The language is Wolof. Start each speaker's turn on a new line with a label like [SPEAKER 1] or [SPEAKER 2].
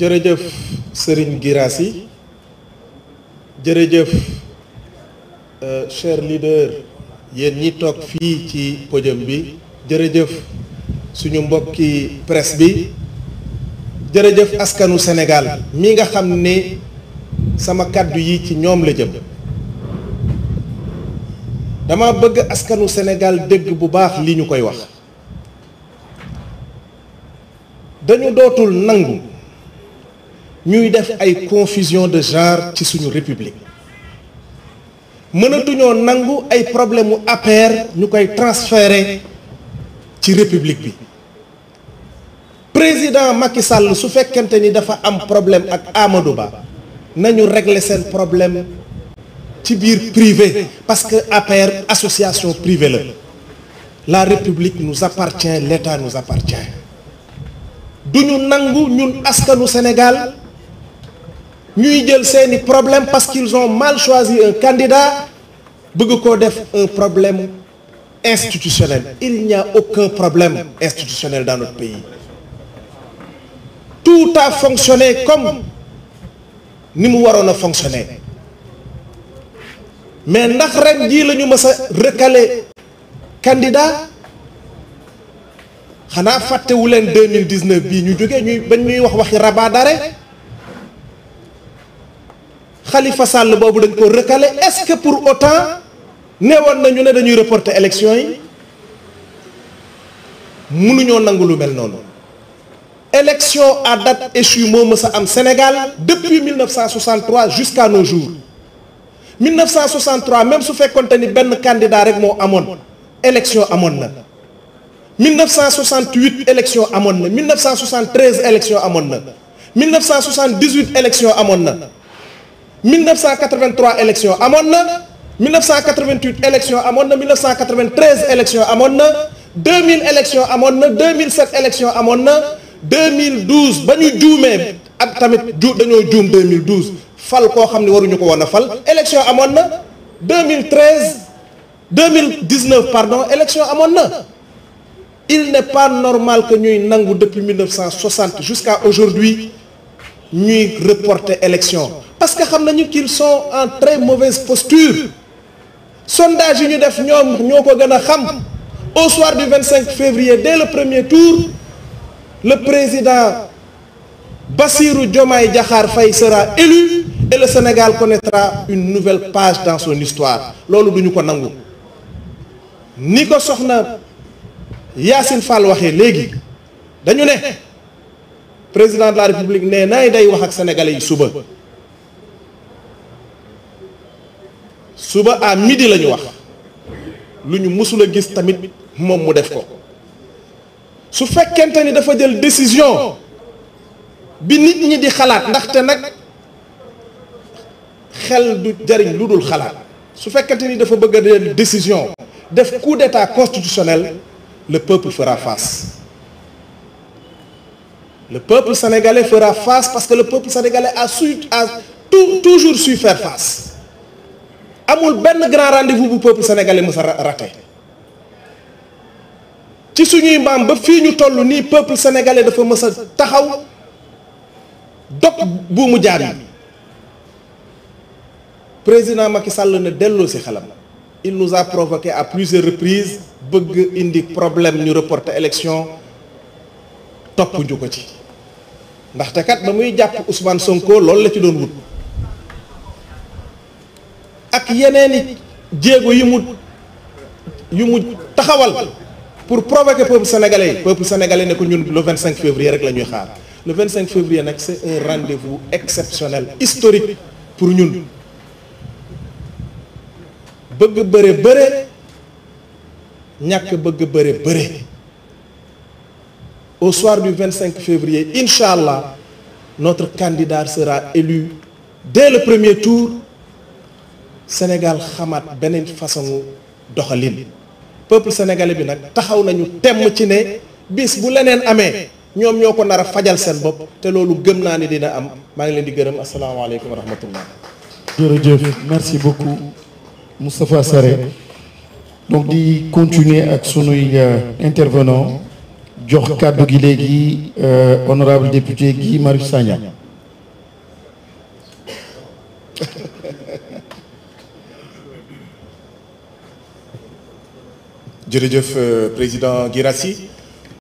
[SPEAKER 1] jërëjëf Serigne Guirassy jërëjëf euh, cher leader yéen ñi toog fii ci podium bi jërëjëf suñu mbokki presse bi jërëjëf askanu Sénégal mi nga xam ne sama kàddu yi ci ñoom la jëm dama bëgg askanu senegal dégg bu baax li ñu koy wax dañu dootul nangu ñuy def ay confusion de genre ci suñu république mënatuñoo nangu ay problème mu APR ñu koy transférer ci république bi président Macky Sall su fekkente ni dafa am problème ak Amadou Ba nañu régler seen problème ci biir privé parce que APR association privée la la république nous appartient l'état nous du ñu nangu ñun askanu Sénégal ñuy jël seeni problème parce qu'ils ont mal choisi un candidat bëgg koo def un problème institutionnel il n'y a aucun problème institutionnel dans notre pays tout a fonctionné comme ni mu waroon a fonctionner mais ndax ren jii lañu ñu mës a recalé candidat xanaa fàttewu leen 2019 bii ñu jógee ñuy ba ñuy wax waxi rabat Khalifa Sall boobu dañ ko recalé est-ce que pour autant neewoon nañu ne dañuy reporter élection yi mënuñoo nangu lu mel noonu élection a date échue moo mës a am Sénégal depuis 1963 jusqu'à nos jours 1963 même su fekkonte ni benn candidat rek moo amoon élection amoon na 1968 élection amoon na 1973 élection amoon na 1978 élection amoon na 1983 élection amoon na 1988 élection amoon na 1993 élection amoon na 2000 élection amoon na 2007 élection amoon na 2012 ba ñu juumee ak tamit ju dañoo juum 2012 fal koo xam ne waruñu ko woon a fal élection amoon na 2013 2019 pardon élection amoon na il n'est pas normal que ñuy nangu depuis 1960 jusqu'à aujourd'hui ñuy reporter élection parce que xam nañu qu'ils sont en très mauvaise posture sondage yi ñu def ñoom ñoo ko gën a xam au soir du 25 février dès le premier tour le président Bassirou Diomaye Diakhar Faye sera élu et le Sénégal connaîtra une nouvelle page dans son histoire loolu duñu ko nangu ni ko soxna Yacine Fall waxee léegi dañu ne président de la République ne nay day wax ak sénégalais yi suba suba à midi la ñu wax lu ñu mësul a gis tamit moom mu def ko su fekkente ni dafa jël décision bi nit ñi di xalaat ndaxte nag xel du jariñ lu dul xalaat su fekkente ni dafa bëgg a décision def coup d'état constitutionnel le peuple fera face le peuple sénégalais fera face parce que le peuple sénégalais a su a toujours su faire face amul benn grand rendez-vous bu peuple sénégalais mës a ci suñuy mbaam ba fii ñu toll nii peuple sénégalais dafa mës a taxaw dog buumu jaam yi président Macky Sall na delloo si xelam il nous a provoqué à plusieurs reprises bëgg indi problème ñu reporter élection topp ñu ko ci ndaxte kat ba muy jàpp Ousmane Sonko lool la ci doon wut. ak yeneen jéego yu mu yu mu taxawal pour provoquer peuple sénégalais yi peuple sénégalais ne ko ñun le 25 février rek la ñuy xaar le 25 février nag c'est un rendez-vous exceptionnel historique pour ñun bëgg bëre bëre ñàkk bëgg bëre bëre au soir du 25 février incha allah notre candidat sera élu dès le premier tour Sénégal xamaat beneen façon doxalin peuple sénégalais bi nag taxaw nañu temm ci ne bis bu leneen amee ñoom ñoo ko nar fajal seen bopp te loolu gëm naa ni dina am maa ngi leen di gërëm asalaamaaleykum wa rahmatullah jërëjëf merci beaucoup Moustapha Sarré donc di continuer ak sunuy euh, intervenant jox kàddu gi léegi euh, honorable député Guy Marius Sagna jërëjëf euh, président Guirassi